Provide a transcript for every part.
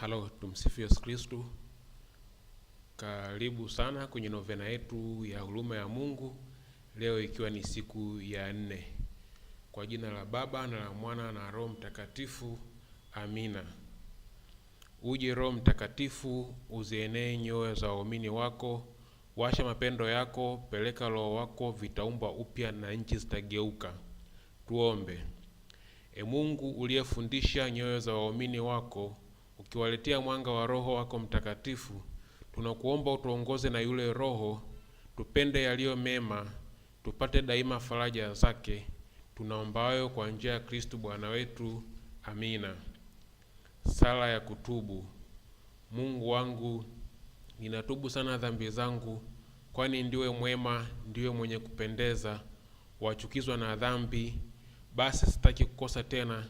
Halo, tumsifu Yesu Kristu. Karibu sana kwenye novena yetu ya huruma ya Mungu, leo ikiwa ni siku ya nne. Kwa jina la Baba na la Mwana na Roho Mtakatifu, amina. Uje Roho Mtakatifu, uzienee nyoyo za waumini wako, washa mapendo yako, peleka Roho wako, vitaumbwa upya na nchi zitageuka. Tuombe. E Mungu uliyefundisha nyoyo za waumini wako ukiwaletea mwanga wa Roho wako Mtakatifu, tunakuomba utuongoze na yule Roho, tupende yaliyo mema, tupate daima faraja zake. Tunaomba hayo kwa njia ya Kristu Bwana wetu. Amina. Sala ya kutubu. Mungu wangu, ninatubu sana dhambi zangu, kwani ndiwe mwema, ndiwe mwenye kupendeza, wachukizwa na dhambi. Basi sitaki kukosa tena,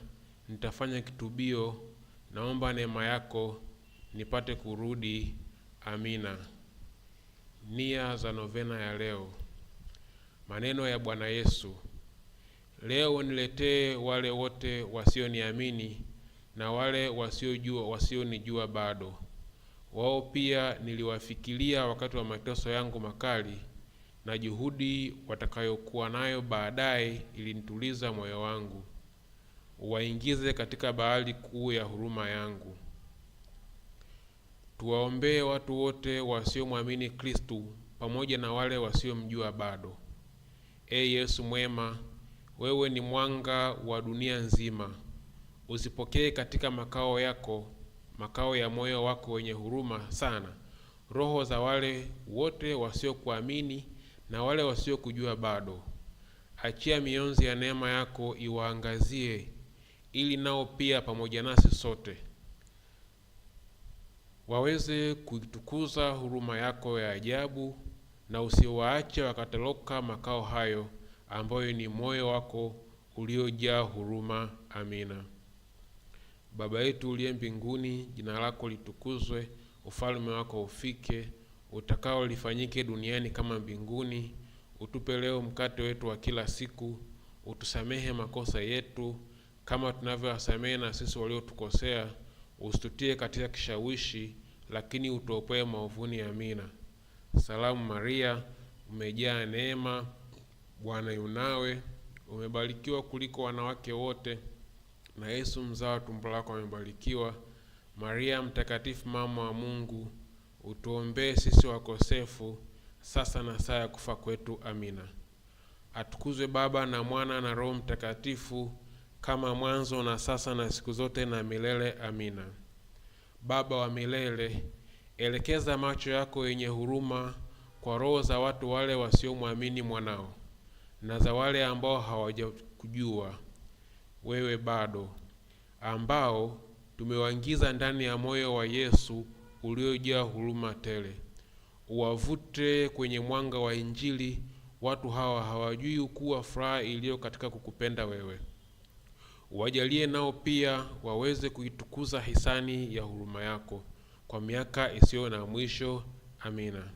nitafanya kitubio Naomba neema yako nipate kurudi. Amina. Nia za novena ya leo. Maneno ya Bwana Yesu: leo niletee wale wote wasioniamini na wale wasiojua wasionijua bado. Wao pia niliwafikiria wakati wa mateso yangu makali, na juhudi watakayokuwa nayo baadaye ilinituliza moyo wangu waingize katika bahari kuu ya huruma yangu. Tuwaombee watu wote wasiomwamini Kristu pamoja na wale wasiomjua bado. E Yesu mwema, wewe ni mwanga wa dunia nzima. Usipokee katika makao yako, makao ya moyo wako wenye huruma sana, roho za wale wote wasiokuamini na wale wasiokujua bado. Achia mionzi ya neema yako iwaangazie ili nao pia pamoja nasi sote waweze kuitukuza huruma yako ya ajabu, na usiwaache wakataloka makao hayo ambayo ni moyo wako uliojaa huruma. Amina. Baba yetu uliye mbinguni, jina lako litukuzwe, ufalme wako ufike, utakao lifanyike duniani kama mbinguni. Utupe leo mkate wetu wa kila siku, utusamehe makosa yetu kama tunavyowasamehe na sisi waliotukosea, usitutie katika kishawishi, lakini utuopoe maovuni. Amina. Salamu Maria, umejaa neema, Bwana yunawe, umebarikiwa kuliko wanawake wote, na Yesu mzao tumbo lako amebarikiwa. Maria Mtakatifu, mama wa Mungu, utuombee sisi wakosefu, sasa na saa ya kufa kwetu. Amina. Atukuzwe Baba na Mwana na Roho Mtakatifu kama mwanzo na sasa na siku zote na milele. Amina. Baba wa milele, elekeza macho yako yenye huruma kwa roho za watu wale wasiomwamini mwanao na za wale ambao hawajakujua wewe bado, ambao tumewaingiza ndani ya moyo wa Yesu uliojaa huruma tele. Uwavute kwenye mwanga wa Injili. Watu hawa hawajui kuwa furaha iliyo katika kukupenda wewe. Wajalie nao pia waweze kuitukuza hisani ya huruma yako kwa miaka isiyo na mwisho. Amina.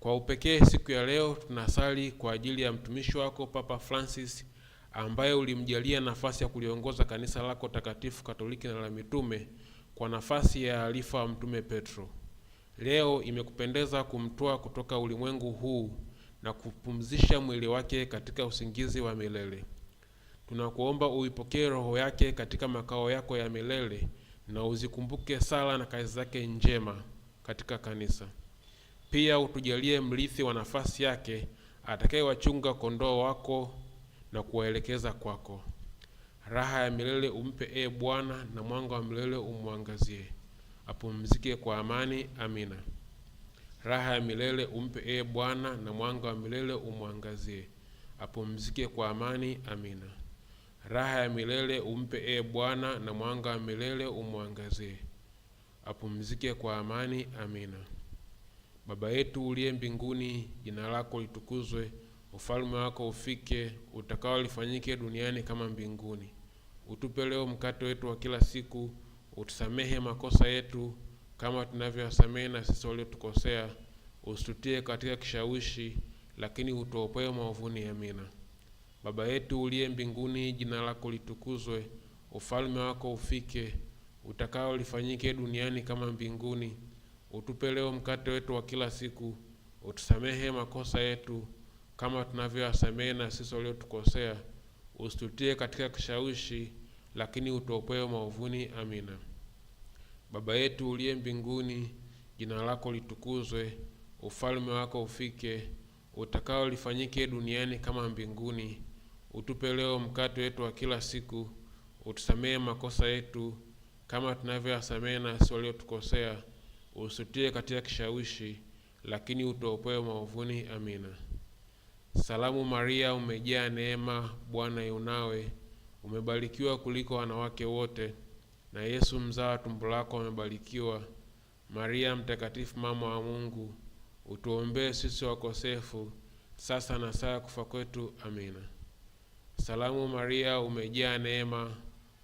Kwa upekee siku ya leo tunasali kwa ajili ya mtumishi wako Papa Francis ambaye ulimjalia nafasi ya kuliongoza kanisa lako takatifu Katoliki na la mitume kwa nafasi ya alifa wa Mtume Petro. Leo imekupendeza kumtoa kutoka ulimwengu huu na kupumzisha mwili wake katika usingizi wa milele. Tunakuomba uipokee roho yake katika makao yako ya milele na uzikumbuke sala na kazi zake njema katika kanisa. Pia utujalie mrithi wa nafasi yake atakayewachunga kondoo wako na kuwaelekeza kwako. Raha ya milele umpe, e Bwana, na mwanga wa milele umwangazie. Apumzike kwa amani. Amina. Raha ya milele umpe, e Bwana, na mwanga wa milele umwangazie. Apumzike kwa amani. Amina. Raha ya milele umpe ee Bwana, na mwanga wa milele umwangazie. Apumzike kwa amani. Amina. Baba yetu uliye mbinguni, jina lako litukuzwe, ufalme wako ufike, utakao lifanyike duniani kama mbinguni. Utupe leo mkate wetu wa kila siku, utusamehe makosa yetu kama tunavyowasamehe na sisi waliotukosea, usitutie katika kishawishi, lakini utuopoe maovuni. Amina. Baba yetu uliye mbinguni, jina lako litukuzwe, ufalme wako ufike, utakao lifanyike duniani kama mbinguni. Utupe leo mkate wetu wa kila siku, utusamehe makosa yetu kama tunavyowasamehe na sisi waliotukosea, usitutie katika kishawishi, lakini utuopoe maovuni. Amina. Baba yetu uliye mbinguni, jina lako litukuzwe, ufalme wako ufike, utakao lifanyike duniani kama mbinguni Utupe leo mkate wetu wa kila siku, utusamehe makosa yetu kama tunavyoyasamehe na sisi waliotukosea, usitie katika kishawishi, lakini utuopoe maovuni. Amina. Salamu Maria, umejaa neema, Bwana yunawe umebarikiwa kuliko wanawake wote, na Yesu mzaa tumbo lako amebarikiwa. Maria Mtakatifu, mama wa Mungu, utuombee sisi wakosefu, sasa na saa ya kufa kwetu. Amina. Salamu Maria, umejaa neema,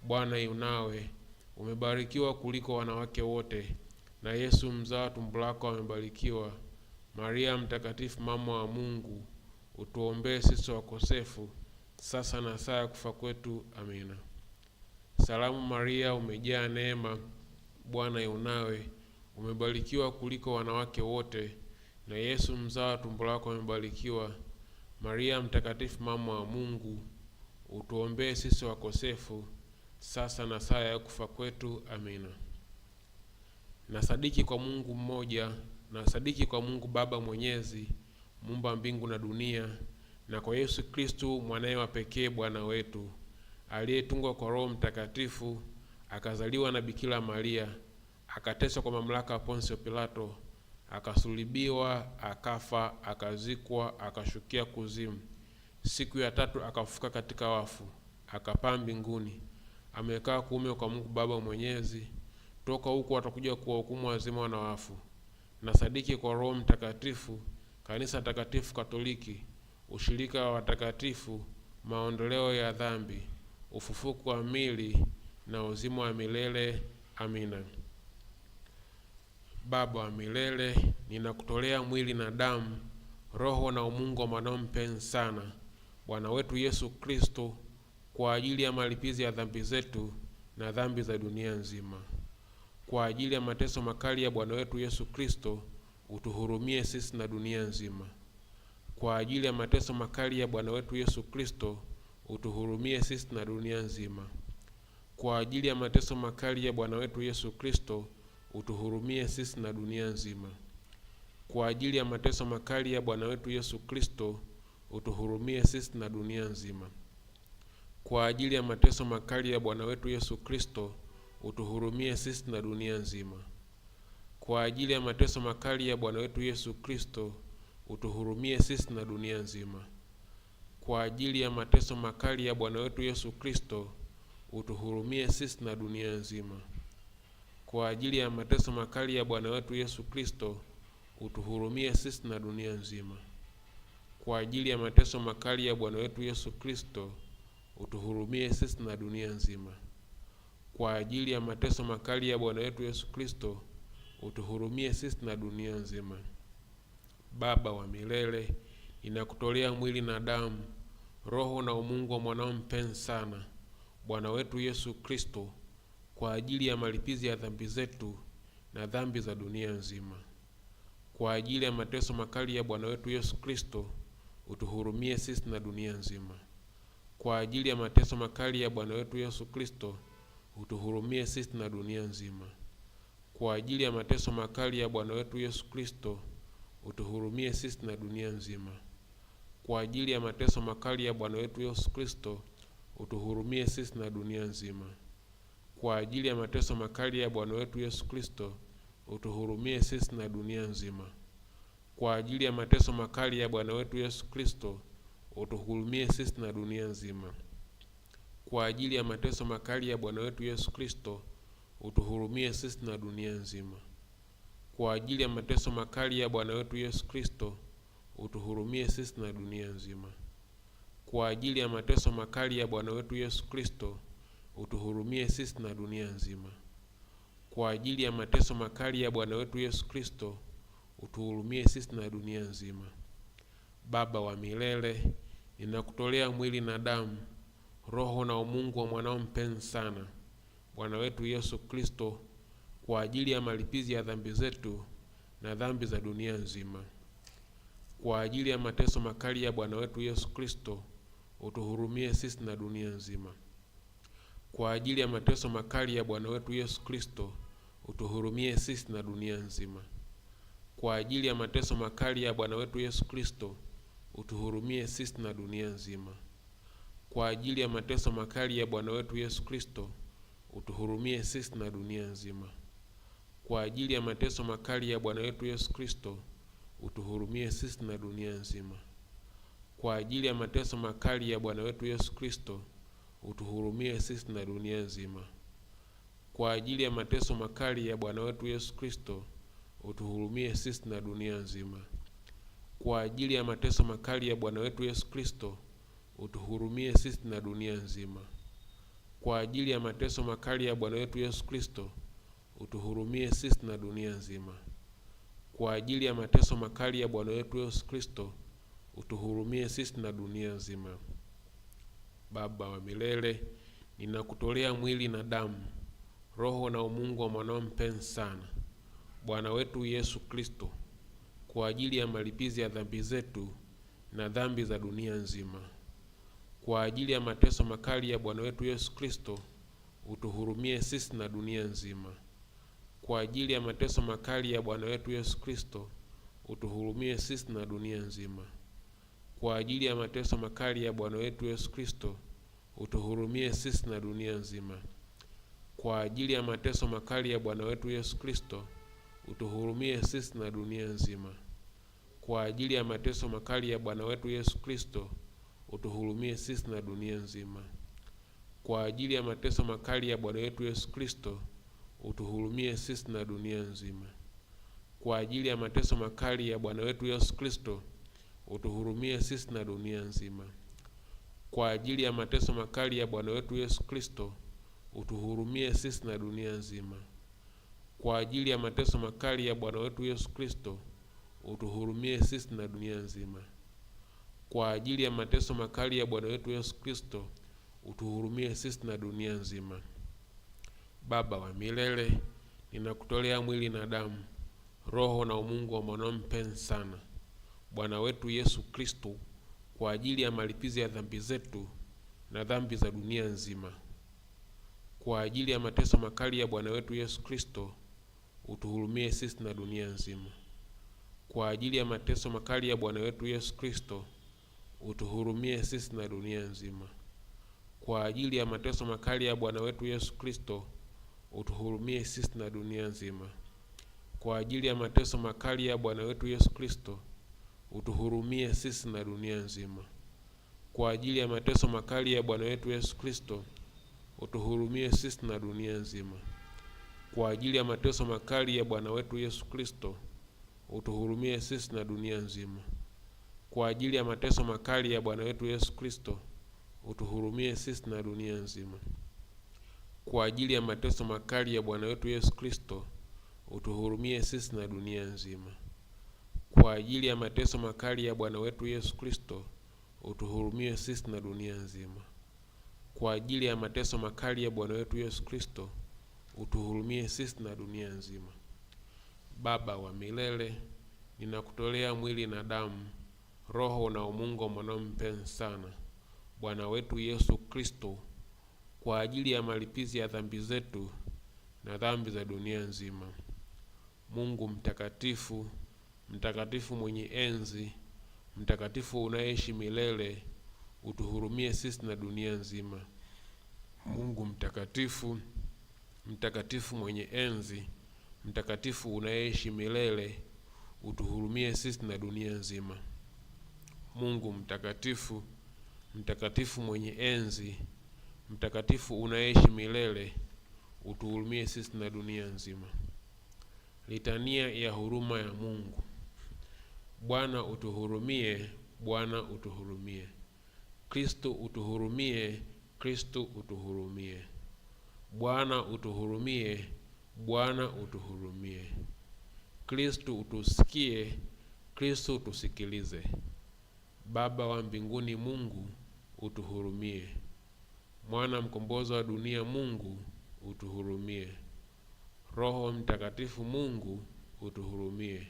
Bwana yunawe, umebarikiwa kuliko wanawake wote, na Yesu mzao tumbo lako amebarikiwa. Maria Mtakatifu, mama wa Mungu, utuombee sisi wakosefu, sasa na saa ya kufa kwetu. Amina. Salamu Maria, umejaa neema, Bwana yunawe, umebarikiwa kuliko wanawake wote, na Yesu mzao tumbo lako amebarikiwa. Maria Mtakatifu, mama wa Mungu utuombee sisi wakosefu sasa na saa ya kufa kwetu. Amina. Nasadiki kwa Mungu mmoja, nasadiki kwa Mungu Baba mwenyezi, mumba mbingu na dunia, na kwa Yesu Kristu mwanaye wa pekee Bwana wetu, aliyetungwa kwa Roho Mtakatifu, akazaliwa na Bikira Maria, akateswa kwa mamlaka ya Ponsio Pilato, akasulibiwa akafa, akazikwa, akashukia kuzimu Siku ya tatu akafuka katika wafu, akapaa mbinguni, amekaa kuume kwa Mungu Baba Mwenyezi. Toka huko atakuja kuwahukumu wazima na wafu. Na sadiki kwa Roho Mtakatifu, kanisa takatifu Katoliki, ushirika wa watakatifu, maondoleo ya dhambi, ufufuko wa mili na uzima wa milele. Amina. Baba wa milele, ninakutolea mwili na damu, roho na umungu wa mwanao mpenzi sana Bwana wetu Yesu Kristo kwa ajili ya malipizi ya dhambi zetu na dhambi za dunia nzima. Kwa ajili ya mateso makali ya Bwana wetu Yesu Kristo utuhurumie sisi na dunia nzima. Kwa ajili ya mateso makali ya Bwana wetu Yesu Kristo utuhurumie sisi na dunia nzima. Kwa ajili ya mateso makali ya Bwana wetu Yesu Kristo utuhurumie sisi na dunia nzima. Kwa ajili ya mateso makali ya Bwana wetu Yesu Kristo utuhurumie sisi na dunia nzima. Kwa ajili ya mateso makali ya Bwana wetu Yesu Kristo, utuhurumie sisi na dunia nzima. Kwa ajili ya mateso makali ya Bwana wetu Yesu Kristo, utuhurumie sisi na dunia nzima. Kwa ajili ya mateso makali ya Bwana wetu Yesu Kristo, utuhurumie sisi na dunia nzima. Kwa ajili ya mateso makali ya Bwana wetu Yesu Kristo, utuhurumie sisi na dunia nzima kwa ajili ya mateso makali ya Bwana wetu Yesu Kristo, utuhurumie sisi na dunia nzima. Kwa ajili ya mateso makali ya Bwana wetu Yesu Kristo, utuhurumie sisi na dunia nzima. Baba wa milele, ninakutolea mwili na damu, roho na umungu wa mwanao mpenzi sana, Bwana wetu Yesu Kristo, kwa ajili ya malipizi ya dhambi zetu na dhambi za dunia nzima. Kwa ajili ya mateso makali ya Bwana wetu Yesu Kristo utuhurumie sisi na dunia nzima. Kwa ajili ya mateso makali ya Bwana wetu Yesu Kristo, utuhurumie sisi na dunia nzima. Kwa ajili ya mateso makali ya Bwana wetu Yesu Kristo, utuhurumie sisi na dunia nzima. Kwa ajili ya mateso makali ya Bwana wetu Yesu Kristo, utuhurumie sisi na dunia nzima. Kwa ajili ya mateso makali ya Bwana wetu Yesu Kristo, utuhurumie sisi na dunia nzima kwa ajili ya mateso makali ya Bwana wetu Yesu Kristo, utuhurumie sisi na dunia nzima. Kwa ajili ya mateso makali ya Bwana wetu Yesu Kristo, utuhurumie sisi na dunia nzima. Kwa ajili ya mateso makali ya Bwana wetu Yesu Kristo, utuhurumie sisi na dunia nzima. Kwa ajili ya mateso makali ya Bwana wetu Yesu Kristo, utuhurumie sisi na dunia nzima. Kwa ajili ya mateso makali ya Bwana wetu Yesu Kristo utuhurumie sisi na dunia nzima. Baba wa milele, ninakutolea mwili na damu, roho na umungu wa mwanao mpenzi sana, Bwana wetu Yesu Kristo, kwa ajili ya malipizi ya dhambi zetu na dhambi za dunia nzima. Kwa ajili ya mateso makali ya Bwana wetu Yesu Kristo, utuhurumie sisi na dunia nzima. Kwa ajili ya mateso makali ya Bwana wetu Yesu Kristo, utuhurumie sisi na dunia nzima kwa ajili ya mateso makali ya Bwana wetu Yesu Kristo, utuhurumie sisi na dunia nzima. Kwa ajili ya mateso makali ya Bwana wetu Yesu Kristo, utuhurumie sisi na dunia nzima. Kwa ajili ya mateso makali ya Bwana wetu Yesu Kristo, utuhurumie sisi na dunia nzima. Kwa ajili ya mateso makali ya Bwana wetu Yesu Kristo, utuhurumie sisi na dunia nzima. Kwa ajili ya mateso makali ya Bwana wetu Yesu Kristo utuhurumie sisi na dunia nzima. Kwa ajili ya mateso makali ya Bwana wetu Yesu Kristo, utuhurumie sisi na dunia nzima. Kwa ajili ya mateso makali ya Bwana wetu Yesu Kristo, utuhurumie sisi na dunia nzima. Kwa ajili ya mateso makali ya Bwana wetu Yesu Kristo, utuhurumie sisi na dunia nzima. Baba wa milele, ninakutolea mwili na damu, roho na umungu wa mwanao mpenzi sana Bwana wetu Yesu Kristo kwa ajili ya malipizi ya dhambi zetu na dhambi za dunia nzima. Kwa ajili ya mateso makali ya Bwana wetu Yesu Kristo utuhurumie sisi na dunia nzima. Kwa ajili ya mateso makali ya Bwana wetu Yesu Kristo utuhurumie sisi na dunia nzima. Kwa ajili ya mateso makali ya Bwana wetu Yesu Kristo utuhurumie sisi na dunia nzima. Kwa ajili ya mateso makali ya Bwana wetu Yesu Kristo utuhurumie sisi na dunia nzima. Kwa ajili ya mateso makali ya Bwana wetu Yesu Kristo, utuhurumie sisi na dunia nzima. Kwa ajili ya mateso makali ya Bwana wetu Yesu Kristo, utuhurumie sisi na dunia nzima. Kwa ajili ya mateso makali ya Bwana wetu Yesu Kristo, utuhurumie sisi na dunia nzima. Kwa ajili ya mateso makali ya Bwana wetu Yesu Kristo, utuhurumie sisi na dunia nzima kwa ajili ya mateso makali ya Bwana wetu Yesu Kristo, utuhurumie sisi na dunia nzima. Kwa ajili ya mateso makali ya Bwana wetu Yesu Kristo, utuhurumie sisi na dunia nzima. Baba wa milele, ninakutolea mwili na damu, roho na umungu wa mwanao mpenzi sana, Bwana wetu Yesu Kristo, kwa ajili ya malipizi ya dhambi zetu na dhambi za dunia nzima, kwa ajili ya mateso makali ya Bwana wetu Yesu Kristo utuhurumie sisi na dunia nzima. Kwa ajili ya mateso makali ya Bwana wetu Yesu Kristo, utuhurumie sisi na dunia nzima. Kwa ajili ya mateso makali ya Bwana wetu Yesu Kristo, utuhurumie sisi na dunia nzima. Kwa ajili ya mateso makali ya Bwana wetu Yesu Kristo, utuhurumie sisi na dunia nzima. Kwa ajili ya mateso makali ya Bwana wetu Yesu Kristo, utuhurumie sisi na dunia nzima kwa ajili ya mateso makali ya Bwana wetu Yesu Kristo, utuhurumie sisi na dunia nzima. Kwa ajili ya mateso makali ya Bwana wetu Yesu Kristo, utuhurumie sisi na dunia nzima. Kwa ajili ya mateso makali ya Bwana wetu Yesu Kristo, utuhurumie sisi na dunia nzima. Kwa ajili ya mateso makali ya Bwana wetu Yesu Kristo, utuhurumie sisi na dunia nzima. Kwa ajili ya mateso makali ya Bwana wetu Yesu Kristo utuhurumie sisi na dunia nzima. Baba wa milele, ninakutolea mwili na damu, roho na umungo mwanao mpenzi sana, Bwana wetu Yesu Kristo, kwa ajili ya malipizi ya dhambi zetu na dhambi za dunia nzima. Mungu mtakatifu, mtakatifu mwenye enzi, mtakatifu unaishi milele, utuhurumie sisi na dunia nzima. Mungu mtakatifu mtakatifu mwenye enzi, mtakatifu unayeishi milele, utuhurumie sisi na dunia nzima. Mungu mtakatifu, mtakatifu mwenye enzi, mtakatifu unayeishi milele, utuhurumie sisi na dunia nzima. Litania ya huruma ya Mungu. Bwana utuhurumie, Bwana utuhurumie. Kristo utuhurumie, Kristo utuhurumie. Bwana utuhurumie, Bwana utuhurumie. Kristu utusikie, Kristu utusikilize. Baba wa mbinguni, Mungu utuhurumie. Mwana mkombozi wa dunia, Mungu utuhurumie. Roho Mtakatifu, Mungu utuhurumie.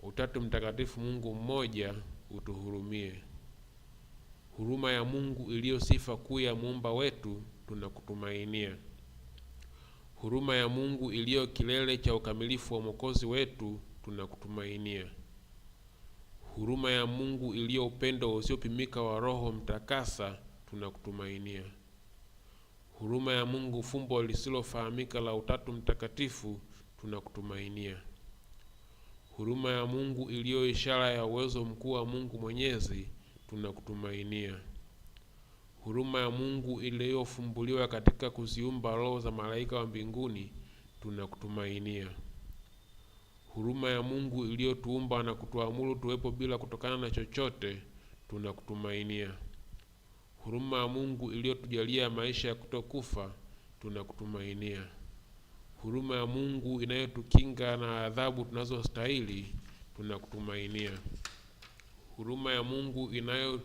Utatu Mtakatifu, Mungu mmoja, utuhurumie. Huruma ya Mungu iliyo sifa kuu ya muumba wetu tunakutumainia. Huruma ya Mungu iliyo kilele cha ukamilifu wa Mwokozi wetu, tunakutumainia. Huruma ya Mungu iliyo upendo usiopimika wa Roho Mtakasa, tunakutumainia. Huruma ya Mungu fumbo lisilofahamika la Utatu Mtakatifu, tunakutumainia. Huruma ya Mungu iliyo ishara ya uwezo mkuu wa Mungu Mwenyezi, tunakutumainia huruma ya Mungu iliyofumbuliwa katika kuziumba roho za malaika wa mbinguni, tunakutumainia. Huruma ya Mungu iliyotuumba na kutuamuru tuwepo bila kutokana na chochote, tunakutumainia. Huruma ya Mungu iliyotujalia maisha ya kutokufa, tunakutumainia. Huruma ya Mungu inayotukinga na adhabu tunazostahili, tunakutumainia. Huruma ya Mungu inayo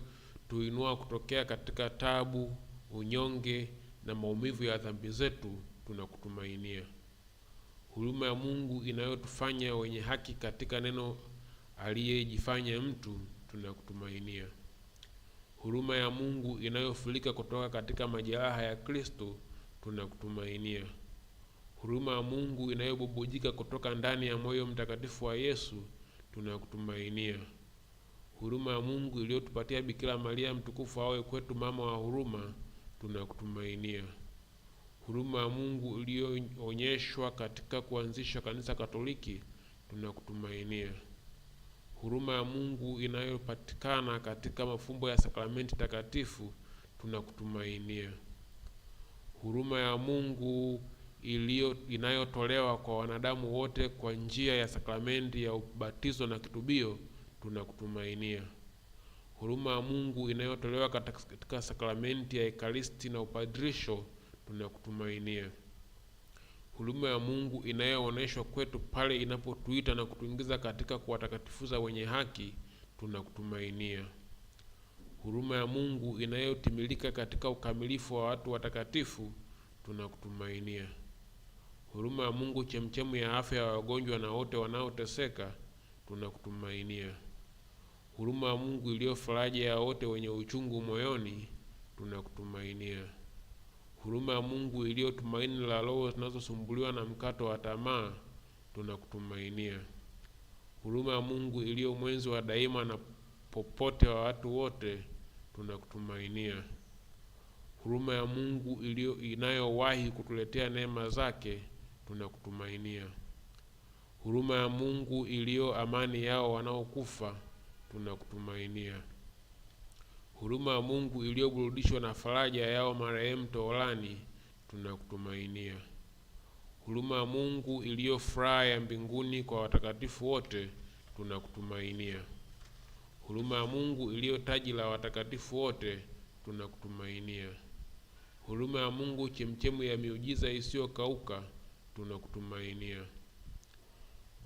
tuinua kutokea katika tabu, unyonge na maumivu ya dhambi zetu, tunakutumainia. Huruma ya Mungu inayotufanya wenye haki katika neno aliyejifanya mtu, tunakutumainia. Huruma ya Mungu inayofurika kutoka katika majeraha ya Kristo, tunakutumainia. Huruma ya Mungu inayobubujika kutoka ndani ya moyo mtakatifu wa Yesu, tunakutumainia. Huruma ya Mungu iliyotupatia Bikira Maria mtukufu awe kwetu mama wa huruma, tunakutumainia. Huruma ya Mungu iliyoonyeshwa katika kuanzisha kanisa Katoliki, tunakutumainia. Huruma ya Mungu inayopatikana katika mafumbo ya sakramenti takatifu, tunakutumainia. Huruma ya Mungu iliyo inayotolewa kwa wanadamu wote kwa njia ya sakramenti ya ubatizo na kitubio tunakutumainia. Huruma ya Mungu inayotolewa katika sakramenti ya Ekaristi na upadirisho, tunakutumainia. Huruma ya Mungu inayoonyeshwa kwetu pale inapotuita na kutuingiza katika kuwatakatifuza wenye haki, tunakutumainia. Huruma ya Mungu inayotimilika katika ukamilifu wa watu watakatifu, tunakutumainia. Huruma ya Mungu chemchemu ya afya ya wagonjwa na wote wanaoteseka, tunakutumainia huruma ya Mungu iliyo faraja ya wote wenye uchungu moyoni, tunakutumainia. Huruma ya Mungu iliyo tumaini la roho zinazosumbuliwa na mkato wa tamaa, tunakutumainia. Huruma ya Mungu iliyo mwenzi wa daima na popote wa watu wote, tunakutumainia. Huruma ya Mungu iliyo inayowahi kutuletea neema zake, tunakutumainia. Huruma ya Mungu iliyo amani yao wanaokufa tunakutumainia. Huruma ya Mungu iliyoburudishwa na faraja yao marehemu toharani, tunakutumainia. Huruma ya Mungu iliyo furaha ya mbinguni kwa watakatifu wote, tunakutumainia. Huruma ya Mungu iliyo taji la watakatifu wote, tunakutumainia. Huruma ya Mungu chemchemu ya miujiza isiyokauka, tunakutumainia.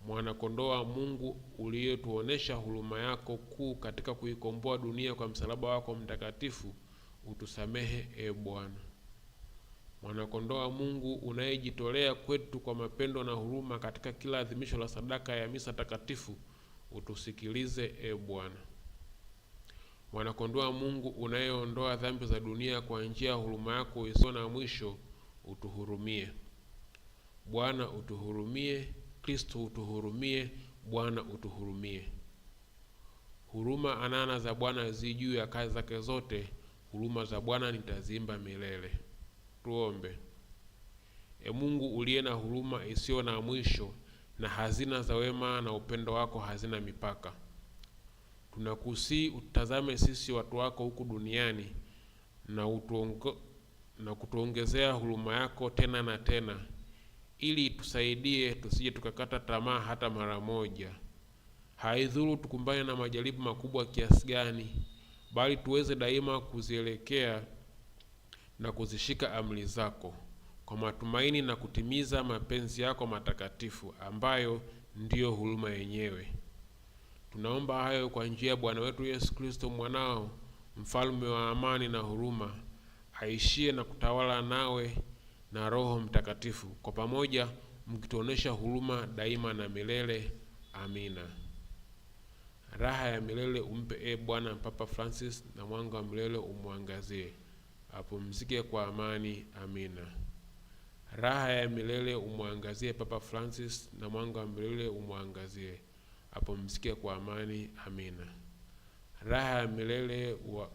Mwanakondoa Mungu uliyetuonesha huruma yako kuu katika kuikomboa dunia kwa msalaba wako mtakatifu, utusamehe e Bwana. Mwanakondoa Mungu unayejitolea kwetu kwa mapendo na huruma katika kila adhimisho la sadaka ya misa takatifu, utusikilize e Bwana. Mwanakondoa Mungu unayeondoa dhambi za dunia kwa njia ya huruma yako isiyo na mwisho, utuhurumie Bwana, utuhurumie. Kristo utuhurumie, Bwana utuhurumie. Huruma anana za Bwana zi juu ya kazi zake zote, huruma za Bwana nitazimba milele. Tuombe. E Mungu uliye na huruma isiyo na mwisho na hazina za wema na upendo wako hazina mipaka, tunakusii utazame sisi watu wako huku duniani na, utuongo, na kutuongezea huruma yako tena na tena ili tusaidie tusije tukakata tamaa hata mara moja. Haidhuru tukumbane na majaribu makubwa kiasi gani, bali tuweze daima kuzielekea na kuzishika amri zako kwa matumaini na kutimiza mapenzi yako matakatifu ambayo ndiyo huruma yenyewe. Tunaomba hayo kwa njia ya Bwana wetu Yesu Kristo, mwanao, mfalme wa amani na huruma, aishie na kutawala nawe na Roho Mtakatifu, kwa pamoja mkituonesha huruma daima na milele. Amina. Raha ya milele umpe e Bwana Papa Francis, na mwanga wa milele umwangazie. Apumzike kwa amani. Amina. Raha ya milele umwangazie Papa Francis, na mwanga wa milele umwangazie. Apumzike kwa amani. Amina. Raha ya milele wa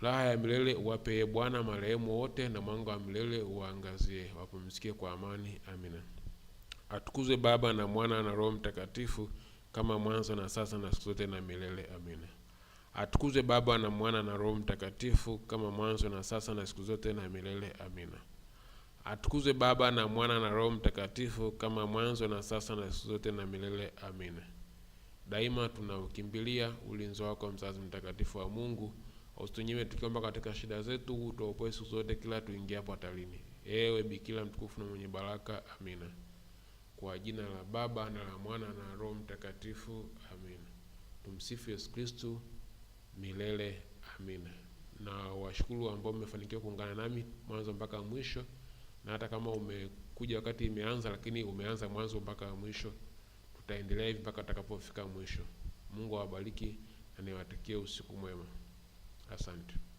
Raha ya milele uwapee Bwana marehemu wote, na mwanga wa milele uwaangazie. Wapumzikie kwa amani. Amina. Atukuzwe Baba na Mwana na Roho Mtakatifu, kama mwanzo na sasa na siku zote na milele. Amina. Atukuzwe Baba na Mwana na Roho Mtakatifu, kama mwanzo na sasa na siku zote na milele. Amina. Atukuzwe Baba na Mwana na Roho Mtakatifu, kama mwanzo na sasa na siku zote na milele. Amina. Daima tunaukimbilia ulinzi wako, mzazi mtakatifu wa Mungu usitunyime tukiomba katika shida zetu, utuokoe siku zote kila tuingia hapo hatarini, ewe Bikira mtukufu na mwenye baraka. Amina. Kwa jina la Baba na la Mwana na Roho Mtakatifu. Amina. Tumsifu Yesu Kristu milele. Amina. Na washukuru ambao mmefanikiwa kuungana nami mwanzo mpaka mwisho, na hata kama umekuja wakati imeanza, lakini umeanza mwanzo mpaka mwisho. Tutaendelea hivi mpaka utakapofika mwisho. Mungu awabariki na niwatakie usiku mwema. assim